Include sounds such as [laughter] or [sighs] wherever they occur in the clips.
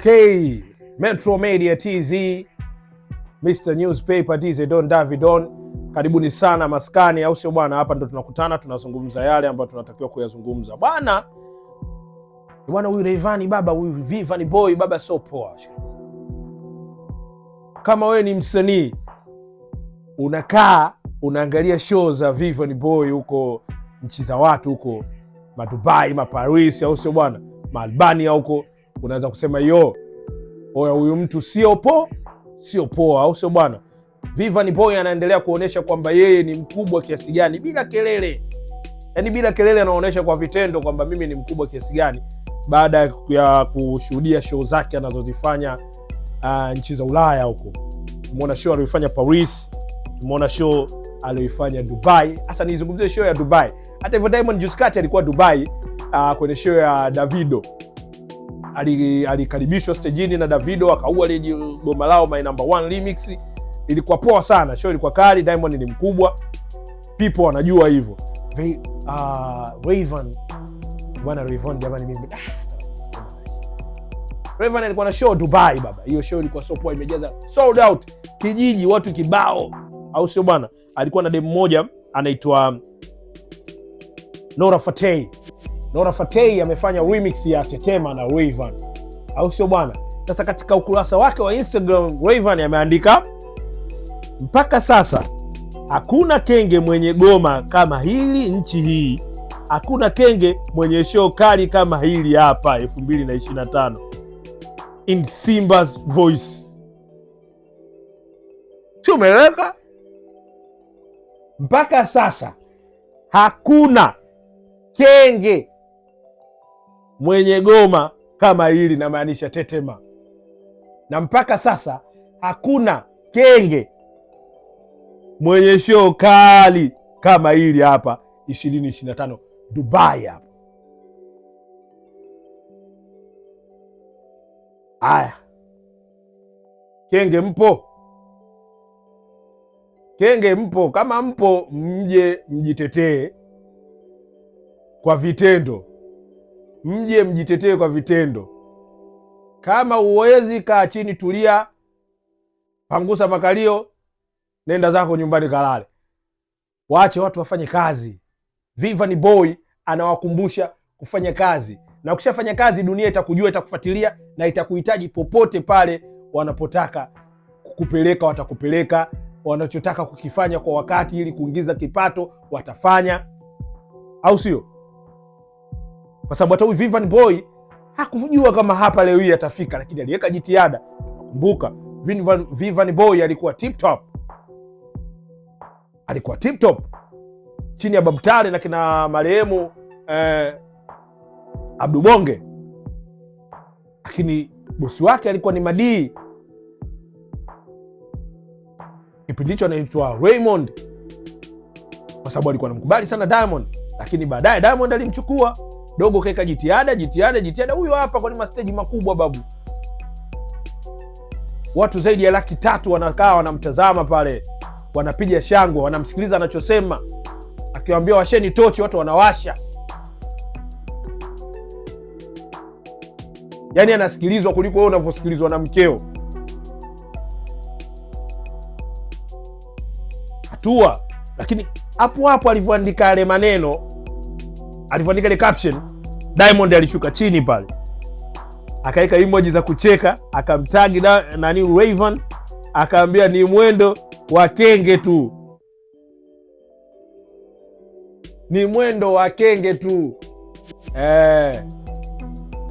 Okay, Metro Media TZ, Mr Newspaper TZ, Don Davidon, karibuni sana maskani, au sio bwana? Hapa ndo tunakutana tunazungumza yale ambayo tunatakiwa kuyazungumza bwana. Bwana huyu Rayvanny baba, huyu Vivani boy baba, sio poa. Kama wewe ni msanii unakaa unaangalia show za Vivani boy huko nchi za watu huko madubai maparisi, au sio bwana, maalbania huko unaweza kusema yo, oya, huyu mtu sio po sio poa, au sio bwana? Vanny Boy anaendelea kuonyesha kwamba yeye ni mkubwa kiasi gani bila kelele, yani bila kelele anaonyesha kwa vitendo kwamba mimi ni mkubwa kiasi gani, baada ya kushuhudia show zake anazozifanya uh, nchi za Ulaya huko. Tumeona show aliyoifanya Paris, tumeona show aliyoifanya Dubai. Hasa nizungumzie show ya Dubai. Hata hivyo Diamond juzi alikuwa Dubai, uh, kwenye show ya Davido alikaribishwa stejini na Davido akaua lile goma lao My Number One remix. Ilikuwa poa sana, show ilikuwa kali, Diamond ni mkubwa, people wanajua hivyo. Uh, ah, Rayvan bwana Rayvan, jamani mimi [sighs] Rayvan alikuwa na show Dubai baba, hiyo show ilikuwa so poa, imejaza sold out kijiji, watu kibao, au sio bwana? Alikuwa na demu moja anaitwa um, Nora Fatei naona Fatei amefanya remix ya Tetema na Rayvan, au sio bwana? Sasa katika ukurasa wake wa Instagram Rayvan ameandika mpaka sasa hakuna kenge mwenye goma kama hili nchi hii, hakuna kenge mwenye show kali kama hili hapa 2025 in Simba's voice. Si Mpaka sasa hakuna kenge mwenye goma kama hili, namaanisha Tetema, na mpaka sasa hakuna kenge mwenye show kali kama hili hapa 2025 Dubai hapa. Aya, kenge mpo? Kenge mpo? Kama mpo, mje mjitetee kwa vitendo mje mjitetee kwa vitendo. Kama uwezi, kaa chini, tulia, pangusa makalio, nenda zako nyumbani, kalale. Waache watu wafanye kazi. Vanny Boy anawakumbusha kufanya kazi, na ukishafanya kazi, dunia itakujua, itakufuatilia na itakuhitaji popote pale wanapotaka kukupeleka, watakupeleka wanachotaka kukifanya kwa wakati ili kuingiza kipato watafanya, au sio? kwa sababu hata huyu Vivian Boy hakujua kama hapa leo hii atafika, lakini aliweka jitihada. Kumbuka Vivian, Vivian Boy alikuwa tip top, alikuwa tip top chini ya babtale na kina marehemu eh, Abdu Bonge, lakini bosi wake alikuwa ni Madii kipindi hicho anaitwa Raymond, kwa sababu alikuwa anamkubali sana Diamond, lakini baadaye Diamond alimchukua dogo kaeka jitihada jitihada jitihada. Huyo hapa kwenye masteji makubwa babu, watu zaidi ya laki tatu wanakaa wanamtazama pale, wanapiga shangwe, wanamsikiliza anachosema, akiwaambia washeni tochi, watu wanawasha. yani anasikilizwa kuliko wewe unavyosikilizwa na mkeo. Hatua, lakini hapo hapo alivyoandika yale maneno, alivyoandika ile caption Diamond alishuka chini pale akaweka emoji za kucheka, akamtagi nani Raven, akaambia ni mwendo wa kenge tu, ni mwendo wa kenge tu eh.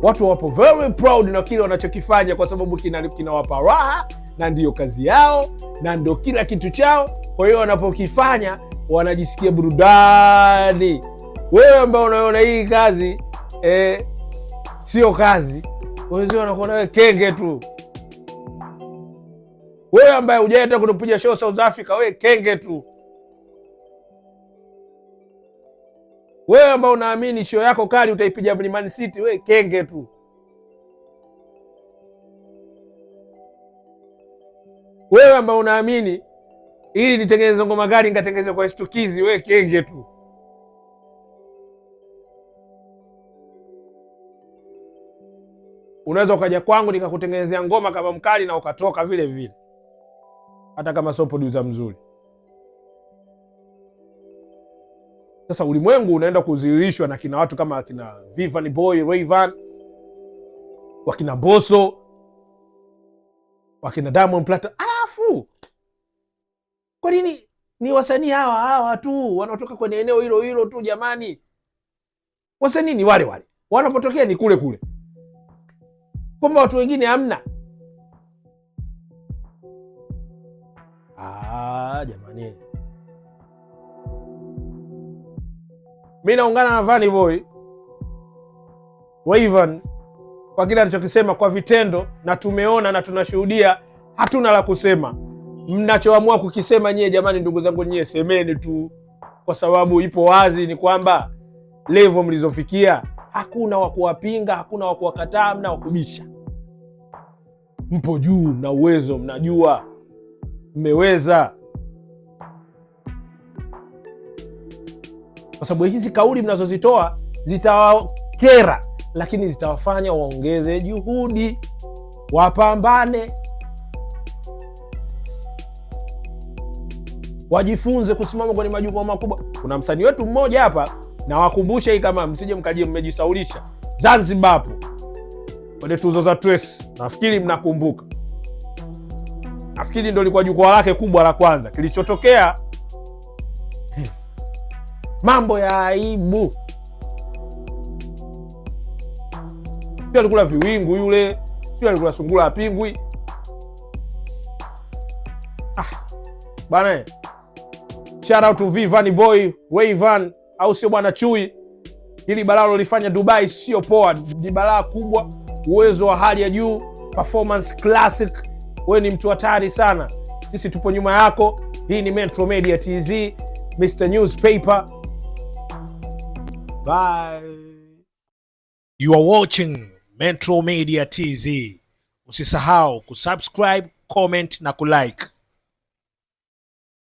Watu wapo very proud na kile wanachokifanya kwa sababu kinawapa kina raha, na ndiyo kazi yao na ndio kila kitu chao. Kwa hiyo wanapokifanya wanajisikia burudani. Wewe ambao unaona hii kazi eh, sio kazi. Wenzio wanakuona wewe kenge tu, wewe ambaye hujaenda kutupiga show South Africa, wewe kenge tu, wewe ambaye unaamini show yako kali utaipiga Mlimani City, wewe kenge tu. Wewe ambaye unaamini ili nitengeneze ngoma gari ngatengeneze kwa istukizi, wewe kenge tu. Unaweza ukaja kwangu nikakutengenezea ngoma kama mkali na ukatoka vile vile, hata kama sio producer mzuri. Sasa ulimwengu unaenda kuzirishwa na kina watu kama akina Vivian Boy, Rayvan, wakina Boso, wakina Diamond Platnumz. Alafu kwa nini ni wasanii hawa hawa tu wanaotoka kwenye eneo hilo hilo tu? Jamani, wasanii ni wale wale, wanapotokea ni kule kule kwamba watu wengine hamna. Ah, jamani, mi naungana na Vani Boy Wayvan kwa kile anachokisema kwa vitendo, na tumeona na tunashuhudia. Hatuna la kusema. Mnachoamua kukisema nyie, jamani, ndugu zangu, nyie semeni tu, kwa sababu ipo wazi, ni kwamba levo mlizofikia hakuna wa kuwapinga, hakuna wa kuwakataa, mna wakubisha. Mpo juu, mna uwezo, mnajua, mmeweza. Kwa sababu hizi kauli mnazozitoa zitawakera, lakini zitawafanya waongeze juhudi, wapambane, wajifunze kusimama kwenye majukwaa makubwa. Kuna msanii wetu mmoja hapa Nawakumbusha hii kama msije mkaji mmejisaulisha Zanzibar hapo kwenye tuzo za Trace, nafikiri mnakumbuka, nafikiri ndo likuwa jukwaa lake kubwa la kwanza. Kilichotokea hmm, mambo ya aibu, sio alikula viwingu yule, sio alikula sungura ya pingwi. Ah, bana, shout out to boy au sio bwana Chui? Hili balaa lolifanya Dubai sio poa, ni balaa kubwa, uwezo wa hali ya juu, performance classic. Wewe ni mtu hatari sana, sisi tupo nyuma yako. Hii ni Metro Media TZ, Mr Newspaper. Bye. You are watching Metro Media TZ. Usisahau kusubscribe, comment na kulike.